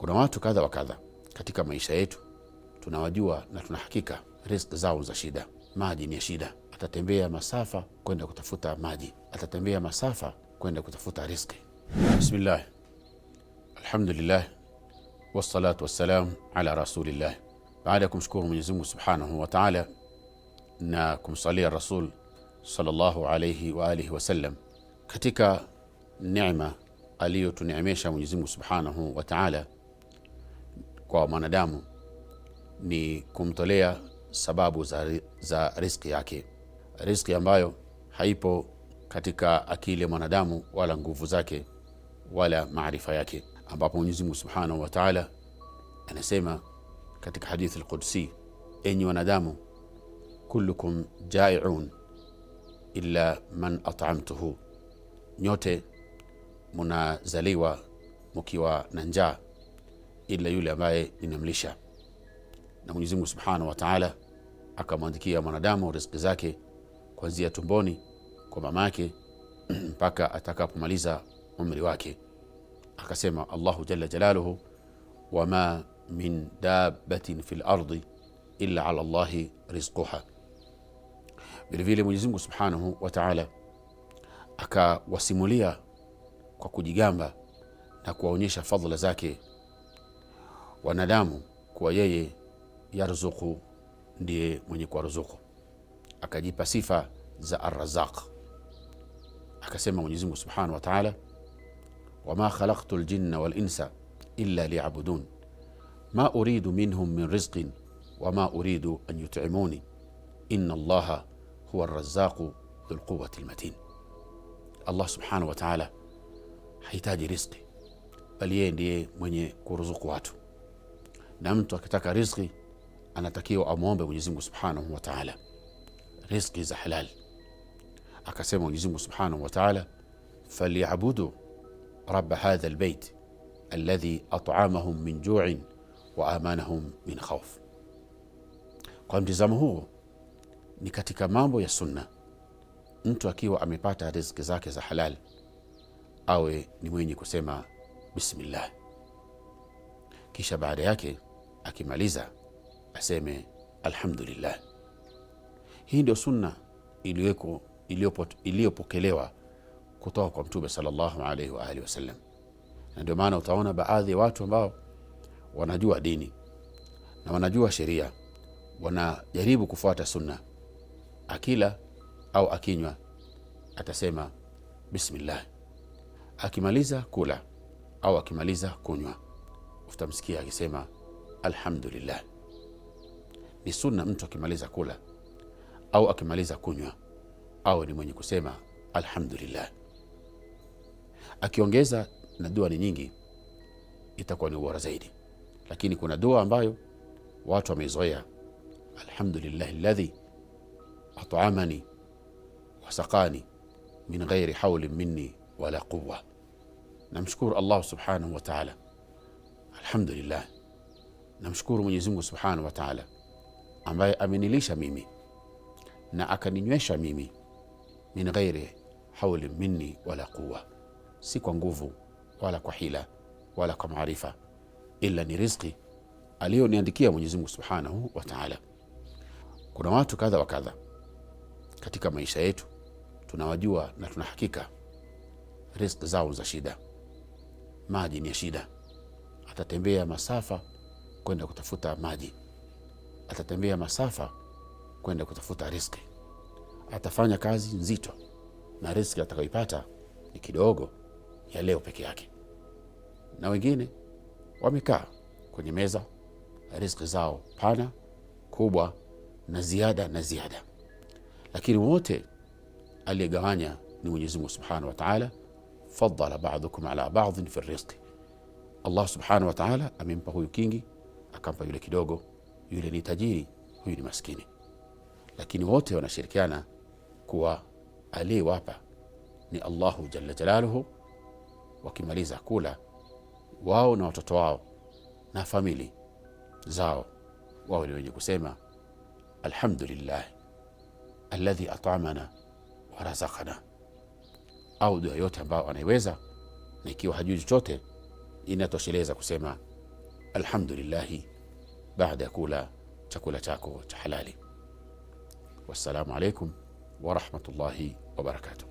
Kuna watu kadha wa kadha katika maisha yetu tunawajua na tunahakika riski zao za shida. Maji ni ya shida, atatembea masafa kwenda kutafuta maji, atatembea masafa kwenda kutafuta riski Bismillah, alhamdulillah, wassalatu wassalam ala rasulillah. Baada ya kumshukuru mwenyezimungu subhanahu wa taala na kumsalia Rasul sallallahu alayhi wa alihi wasallam katika neema aliyotuneemesha mwenyezimungu subhanahu wa taala kwa mwanadamu ni kumtolea sababu za, za riski yake, riski ambayo haipo katika akili ya mwanadamu wala nguvu zake wala maarifa yake, ambapo Mwenyezi Mungu Subhanahu wa Ta'ala anasema katika hadithi al-Qudsi, enyi wanadamu, kullukum jai'un illa man at'amtuhu, nyote munazaliwa mukiwa na njaa ila yule ambaye ninamlisha. Na Mwenyezi Mungu Subhanahu wa Ta'ala akamwandikia mwanadamu riziki zake kuanzia tumboni kwa mamake mpaka atakapomaliza umri wake. Akasema Allahu jalla jalaluhu, wama min dabbatin fil ardi illa ala Allahi rizquha. Vilevile Mwenyezi Mungu Subhanahu wa Ta'ala akawasimulia kwa kujigamba na kuwaonyesha fadhila zake wanadamu kuwa yeye yarzuku ndiye mwenye kuwaruzuku, akajipa sifa za Arrazaq. Akasema Mwenyezi Mungu subhanahu wa taala, wama khalaqtu ljinna walinsa illa liyabudun ma uridu minhum min rizqin wama uridu an yutimuni inna allaha huwa arrazaqu dhulquwati lmatin. Allah subhanahu wa taala hahitaji rizqi, bali yeye ndiye mwenye kuruzuku watu na mtu akitaka rizki anatakiwa amwombe mwenyezimngu Subhanahu wa Ta'ala riziki za halali. Akasema mwenyezimungu Subhanahu wa Ta'ala, falyabudu rabba hadha lbeit aladhi at'amahum min ju'in wa amanahum min khauf. Kwa mtizamo huo ni katika mambo ya sunna mtu akiwa amepata rizki zake za halali awe ni mwenye kusema bismillah, kisha baada yake akimaliza aseme alhamdulillah. Hii ndio sunna iliyoko iliyopokelewa kutoka kwa Mtume sallallahu alaihi wa alihi wasallam, na ndio maana utaona baadhi ya watu ambao wanajua dini na wanajua sheria wanajaribu kufuata sunna. Akila au akinywa atasema bismillah, akimaliza kula au akimaliza kunywa utamsikia akisema alhamdulillah. Ni sunna mtu akimaliza kula au akimaliza kunywa au ni mwenye kusema alhamdulillah. Akiongeza na dua ni nyingi, itakuwa ni ubora zaidi, lakini kuna dua ambayo watu wameizoea, alhamdulillahi alladhi at'amani wasakani min ghairi haulin minni wala quwa Namshukuru Allah subhanahu wa ta'ala, alhamdulillah Namshukuru Mwenyezi Mungu Subhanahu wa Ta'ala ambaye amenilisha mimi na akaninywesha mimi min ghairi hauli minni wala quwa, si kwa nguvu wala kwa hila wala kwa maarifa, ila ni rizqi aliyoniandikia Mwenyezi Mungu Subhanahu wa Ta'ala. Kuna watu kadha wa kadha katika maisha yetu tunawajua na tuna hakika rizqi zao za shida. Maji ni ya shida, atatembea masafa kwenda kutafuta maji, atatembea masafa kwenda kutafuta riski, atafanya kazi nzito na riski atakayoipata ni kidogo ya leo peke yake. Na wengine wamekaa kwenye meza, riski zao pana kubwa na ziada na ziada, lakini wote aliyegawanya ni Mwenyezi Mungu Subhanahu wa Ta'ala. fadala ba'dukum ala ba'dhin fi rizqi, Allah Subhanahu wa Ta'ala amempa huyu kingi akampa yule kidogo. Yule ni tajiri, huyu ni maskini, lakini wote wanashirikiana kuwa aliyewapa ni Allahu jalla jalaluhu. Wakimaliza kula wao na watoto wao na famili zao, wao ni wenye kusema alhamdulillah alladhi atamana wa razakana, au dua yote ambayo anaiweza, na ikiwa hajui chochote inatosheleza kusema الحمد لله بعد كولا تكولا تاكو تحلالي والسلام عليكم ورحمة الله وبركاته